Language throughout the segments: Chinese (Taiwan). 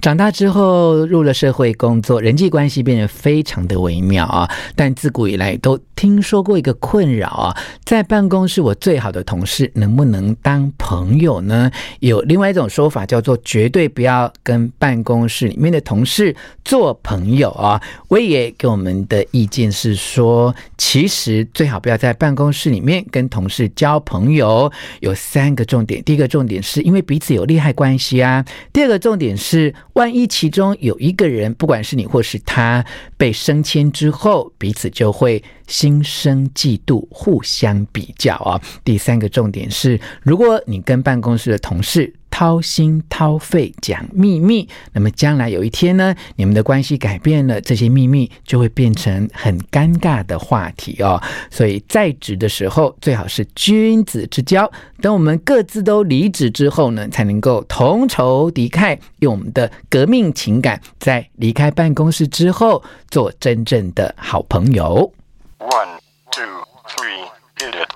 長大之後，入了社會工作，人際關係變得非常的微妙啊。但自古以來都。聽說過一個困擾啊，在辦公室我最好的同事能不能當朋友呢？有另外一種說法叫做絕對不要跟辦公室裡面的同事做朋友啊。崴爺給我們的意見是說，其實最好不要在辦公室裡面跟同事交朋友。有三個重點，第一個重點是因為彼此有利害關係啊；第二個重點是，萬一其中有一個人，不管是你或是他，被升遷之後，彼此就會。心生嫉妒，互相比較哦。第三個重點是，如果你跟辦公室的同事掏心掏肺講秘密，那麼將來有一天呢，你們的關係改變了，這些秘密就會變成很尷尬的話題哦。所以，在職的時候最好是君子之交，等我們各自都離職之後呢，才能夠同仇敵愾，用我們的革命情感，在離開辦公室之後，做真正的好朋友。One, two, three, get it！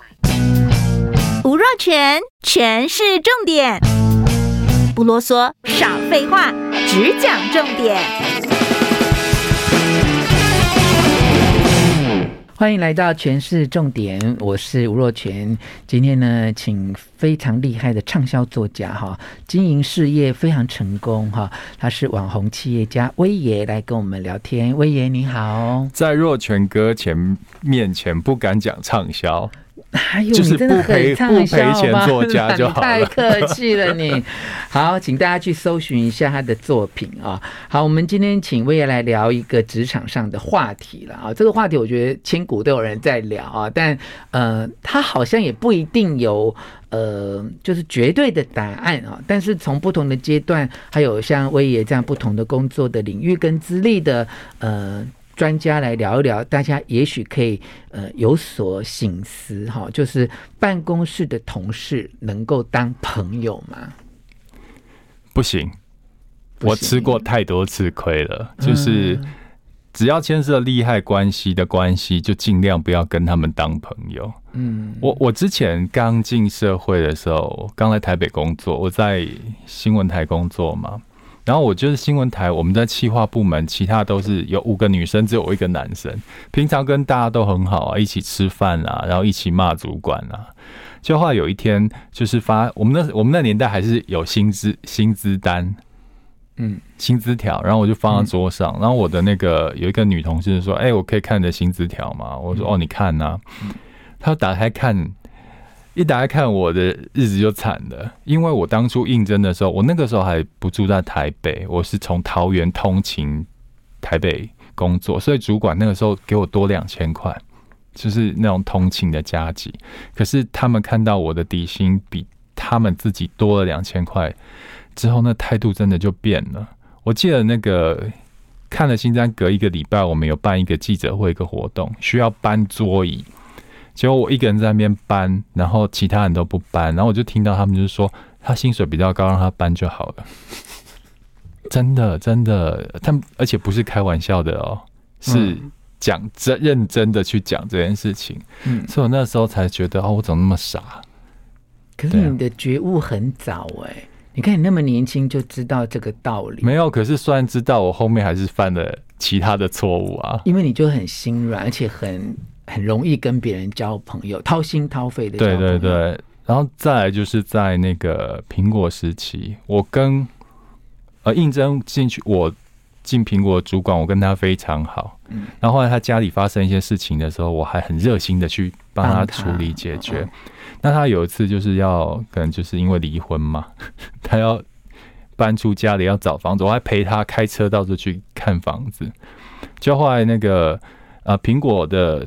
吳若權，權式重點，不囉嗦，少廢話，只講重點。歡迎來到《權式重點》，我是吳若權，今天呢，請非常厲害的暢銷作家哈，經營事業非常成功哈，他是網紅企業家崴爺來跟我們聊天。崴爺，你好，在若權哥前面前不敢講暢銷。哪有，你真的很唱作、就是、家就好 太客氣了你。好，請大家去搜尋一下他的作品啊。好，我們今天請崴爺來聊一個職場上的話題了啊。這個話題我覺得千古都有人在聊啊，但呃，他好像也不一定有呃，就是絕對的答案啊。但是從不同的階段，還有像崴爺這樣不同的工作的領域跟資歷的呃。專家來聊一聊，大家也許可以呃有所省思哈、哦。就是辦公室的同事能夠當朋友嗎？不行，我吃過太多次虧了。就是、嗯、只要牽涉利害關係的關係，就儘量不要跟他們當朋友。嗯，我我之前剛進社會的時候，剛來台北工作，我在新聞台工作嘛。然後我就是新聞台，我們在企劃部門，其他都是有五個女生，只有我一個男生。平常跟大家都很好啊，一起吃飯啊，然後一起罵主管啊。就後來有一天，就是發我們那我們那年代還是有薪資薪資單，嗯，薪資條。然後我就放在桌上，嗯，然後我的那個有一個女同事說：“哎，我可以看你的薪資條嗎？”我說：“嗯，哦，你看吶，啊。嗯”她打開看。一打開看，我的日子就慘了，因為我當初應徵的時候，我那個時候還不住在台北，我是從桃園通勤台北工作，所以主管那個時候給我多兩千塊，就是那種通勤的加給。可是他們看到我的底薪比他們自己多了兩千塊之後，那態度真的就變了。我記得那個看了新章，隔一個禮拜我們有辦一個記者會，一個活動需要搬桌椅。結果我一個人在那邊搬，然後其他人都不搬，然後我就聽到他們就是說他薪水比較高，讓他搬就好了。真的真的，他們而且不是開玩笑的哦，是講真認真的去講這件事情。嗯，所以我那時候才覺得哦，我怎麼那麼傻？可是你的覺悟很早哎，你看你那麼年輕就知道這個道理，沒有。可是雖然知道，我後面還是犯了其他的錯誤啊，因為你就很心軟，而且很。很容易跟別人交朋友，掏心掏肺的交朋友。對對對，然後再來就是在那個蘋果時期，我跟呃應徵進去，我進蘋果主管，我跟他非常好。嗯。然後後來他家裡發生一些事情的時候，我還很熱心的去幫他處理解決。嗯嗯嗯、那他有一次就是要可能就是因為離婚嘛，呵呵他要搬出家裡要找房子，我還陪他開車到處去看房子。就後來那個呃蘋果的。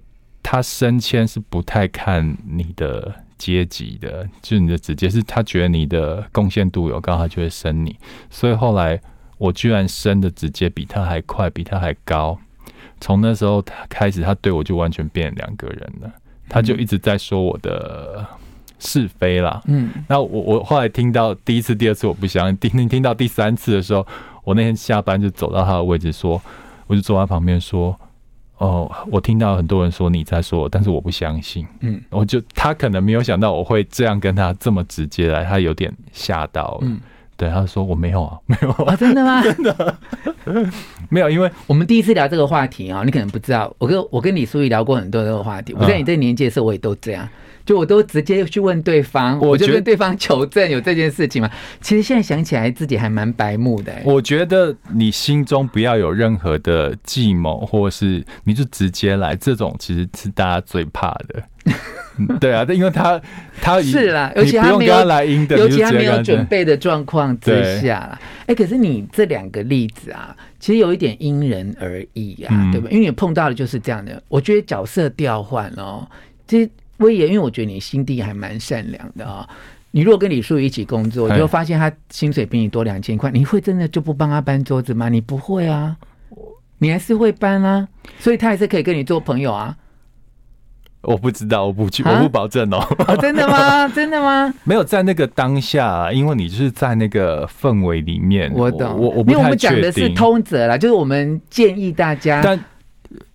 他升遷是不太看你的階級的，就是你的直接是他覺得你的貢獻度有高，他就會升你。所以後來我居然升的直接比他還快，比他還高。從那時候他開始，他對我就完全變兩個人了。他就一直在說我的是非啦。嗯，那我我後來聽到第一次、第二次我不相信，聽聽到第三次的時候，我那天下班就走到他的位置，說，我就坐在他旁邊說。哦，我聽到很多人說你在說，但是我不相信。嗯，我就，他可能沒有想到我會這樣跟他這麼直接來，他有點嚇到。嗯，對，他說我沒有啊，沒有啊，真的嗎？真的。 沒有，因為我們第一次聊這個話題啊、喔，你可能不知道。我跟我跟李淑儀聊過很多這個話題。我在你這年紀的時候，我也都這樣，嗯、就我都直接去問對方，我覺得，我就跟對、對方求證有這件事情嗎？其實現在想起來，自己還蠻白目的、欸。我覺得你心中不要有任何的計謀，或是你就直接來，這種其實是大家最怕的。 對啊，這因為他他是啦，尤其他沒有他尤其他沒有準備的狀況之下啦。哎、欸，可是你這兩個例子啊，其實有一點因人而異啊、嗯，對吧？因為你碰到的就是這樣的。我覺得角色調換哦，其實崴爺，因為我覺得你心地還蠻善良的啊。你如果跟李叔一起工作，你就會發現他薪水比你多兩千塊，你會真的就不幫他搬桌子嗎？你不會啊，你還是會搬啊，所以他還是可以跟你做朋友啊。我不知道，我不去，我不保證、喔、哦。真的嗎？真的嗎？ 沒有在那個當下、啊，因為你就是在那個氛圍裡面。我，我，我不太確定，因為我我們講的是通則啦，就是我們建議大家。但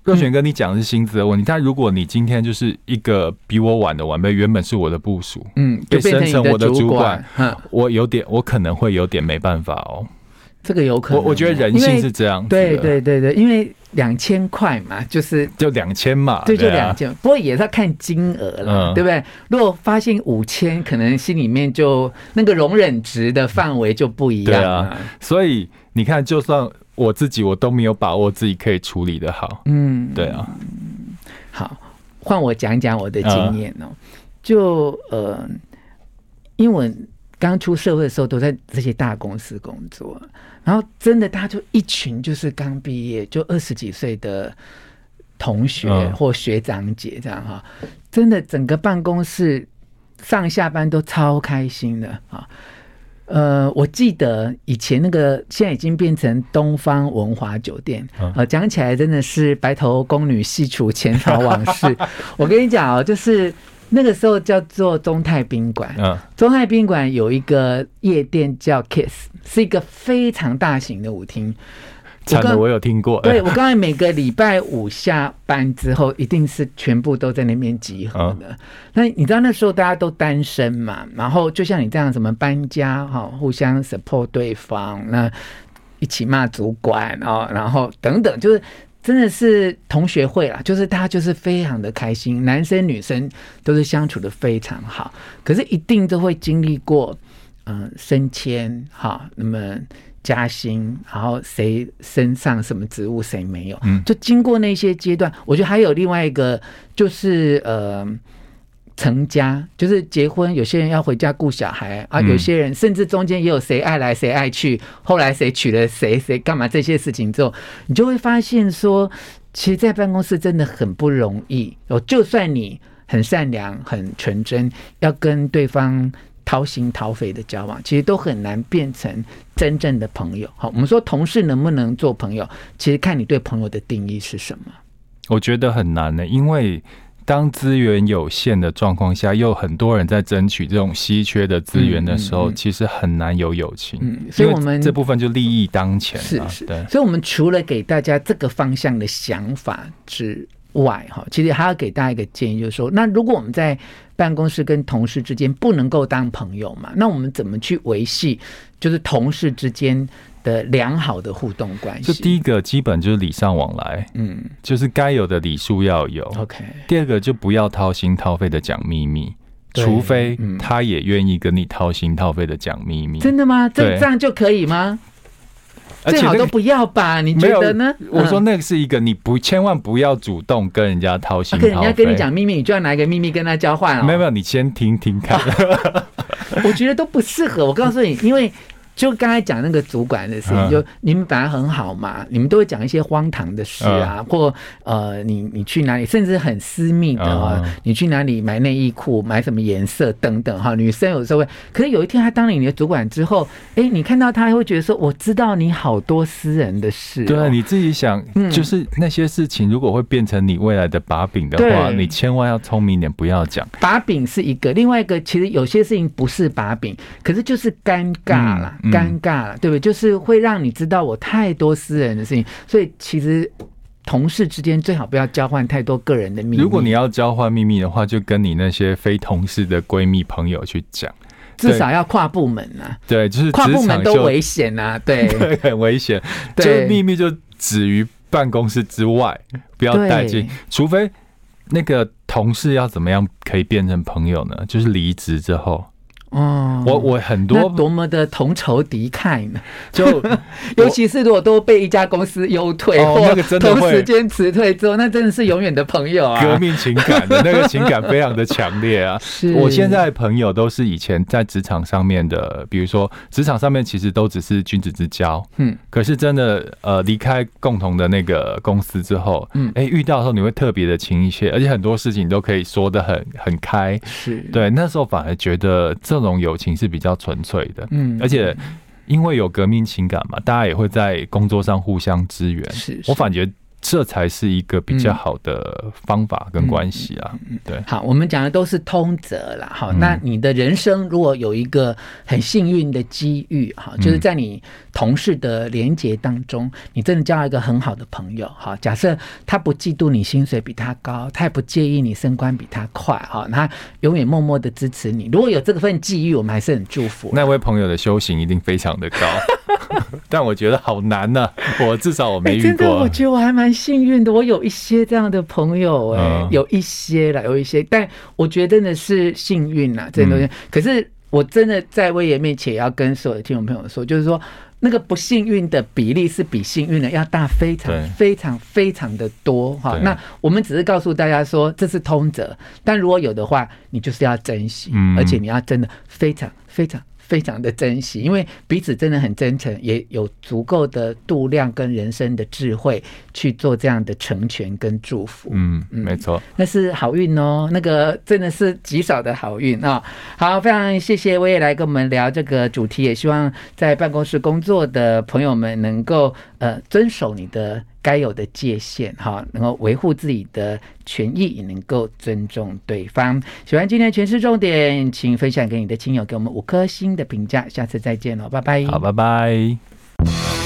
若權哥，你講的是薪資問題，但如果你今天就是一個比我晚的晚輩，原本是我的部屬，嗯，就變成，升成我的主管，我有點，我可能會有點沒辦法哦、喔。這個有可能、啊我，我覺得人性是這樣子的。對對對對，因為。兩千塊嘛，就是就兩千嘛，就就 2000, 對，就兩千。不過也是要看金額了、嗯，對不對？如果發現五千，可能心裡面就那個容忍值的範圍就不一樣。對啊，所以你看，就算我自己，我都沒有把握自己可以處理得好。嗯，對啊。嗯、好，換我講講我的經驗哦。嗯、就呃，因為。剛出社會的時候，都在這些大公司工作，然後真的大家就一群就是剛畢業就二十幾歲的同學或學長姐這樣哈，嗯，真的整個辦公室上下班都超開心的啊！呃，我記得以前那個現在已經變成東方文華酒店，嗯，呃，講起來真的是白頭宮女細數前朝往事。 我跟你講哦，就是。那個時候叫做中泰賓館。嗯，中泰賓館有一個夜店叫 Kiss，是一個非常大型的舞廳。這個，我有聽過。對， 我剛才每個禮拜五下班之後，一定是全部都在那邊集合的。嗯、那你知道那時候大家都單身嘛？然後就像你這樣，什麼搬家哈，互相 support 對方，那一起罵主管啊，然後等等，就是。真的是同學會啦，就是他就是非常的開心，男生女生都是相處的非常好。可是一定都會經歷過，嗯、呃，升遷哈、哦，那麼加薪，然後誰升上什麼職務誰沒有，嗯，就經過那些階段。我覺得還有另外一個就是呃。成家就是結婚，有些人要回家顧小孩啊，有些人甚至中間也有誰愛來誰愛去，後來誰娶了誰，誰幹嘛這些事情之後，你就會發現說，其實，在辦公室真的很不容易哦。就算你很善良、很純真，要跟對方掏心掏肺的交往，其實都很難變成真正的朋友。好，我們說同事能不能做朋友，其實看你對朋友的定義是什麼。我覺得很難呢、欸，因為。當資源有限的狀況下，又很多人在爭取這種稀缺的資源的時候，嗯嗯，其實很難有友情。嗯，所以，我們這部分就利益當前了，嗯。是是對，所以我們除了給大家這個方向的想法之外，哈，其實還要給大家一個建議，就是說，那如果我們在辦公室跟同事之間不能夠當朋友嘛，那我們怎麼去維繫？就是同事之間的良好的互動關係，這第一個基本就是禮尚往來，嗯，就是該有的禮數要有。OK，第二個就不要掏心掏肺的講祕密，除非他也願意跟你掏心掏肺的講祕密。真的嗎？這這樣就可以嗎、那個？最好都不要吧？你覺得呢？嗯、我說那個是一個，你不千萬不要主動跟人家掏心掏、啊，可是人家跟你講祕密，你就要拿一個祕密跟他交換啊、哦？沒有沒有，你先聽聽看。 我覺得都不適合。我告訴你， 因為。就剛才講那個主管的事情、嗯，就你們本來很好嘛，你們都會講一些荒唐的事啊，嗯、或呃，你你去哪裡，甚至很私密的啊、嗯，你去哪裡買內衣褲，買什麼顏色等等哈。女生有時候會。可是有一天她當了你的主管之後，哎、欸，你看到她會覺得說，我知道你好多私人的事、喔。對、啊，你自己想、嗯，就是那些事情如果會變成你未來的把柄的話，你千萬要聰明點，不要講。把柄是一個，另外一個其實有些事情不是把柄，可是就是尷尬啦。嗯尷尬了，對不對？就是會讓你知道我太多私人的事情，所以其實同事之間最好不要交換太多個人的秘密。如果你要交換秘密的話，就跟你那些非同事的閨蜜朋友去講，至少要跨部門啊。對，就是就跨部門都危險啊。對， 對，很危險。就是、秘密就止於辦公室之外，不要帶進。除非那個同事要怎麼樣可以變成朋友呢？就是離職之後。嗯、oh，我我很多多麼的同仇敵愾呢？就 尤其是，如果都被一家公司優退或，oh, 那個真的會同時間辭退之後，那真的是永遠的朋友啊！革命情感的那個情感非常的強烈啊！ 是我現在朋友都是以前在職場上面的，比如說職場上面其實都只是君子之交，嗯，可是真的呃離開共同的那個公司之後，嗯、欸，哎遇到的時候你會特別的親一些，而且很多事情都可以說得很很開，是對那時候反而覺得這。這種友情是比較純粹的，嗯，而且因為有革命情感嘛，大家也會在工作上互相支援。是我感覺。這才是一個比較好的方法跟關係啊，對、嗯，對、嗯嗯嗯。好，我們講的都是通則啦。好，那你的人生如果有一個很幸運的機遇，哈，就是在你同事的連接當中，你真的交了一個很好的朋友，哈。假設他不嫉妒你薪水比他高，他也不介意你升官比他快，哈，他永遠默默的支持你。如果有這份機遇，我們還是很祝福。那位朋友的修行一定非常的高。 但我覺得好難呢、啊，我至少我沒遇、欸、真的，我覺得我還蠻幸運的，我有一些這樣的朋友，哎，有一些啦，有一些。但我覺得真的是幸運吶，這些東西、嗯。可是我真的在崴爺面前也要跟所有的聽眾朋友說，就是說那個不幸運的比例是比幸運的要大，非常非常非常的多哈。那我們只是告訴大家說這是通則，但如果有的話，你就是要珍惜，而且你要真的非常非常。非常的珍惜，因為彼此真的很真誠，也有足夠的度量跟人生的智慧去做這樣的成全跟祝福。嗯，沒錯。嗯，那是好運哦，那個真的是極少的好運啊，哦。好，非常謝謝，我也來跟我們聊這個主題，也希望在辦公室工作的朋友們能夠呃遵守你的。該有的界限，哈，能夠維護自己的權益，也能夠尊重對方。喜歡今天的權式重點，請分享給你的親友，給我們五顆星的評價。下次再見嘍，拜拜。好，拜拜。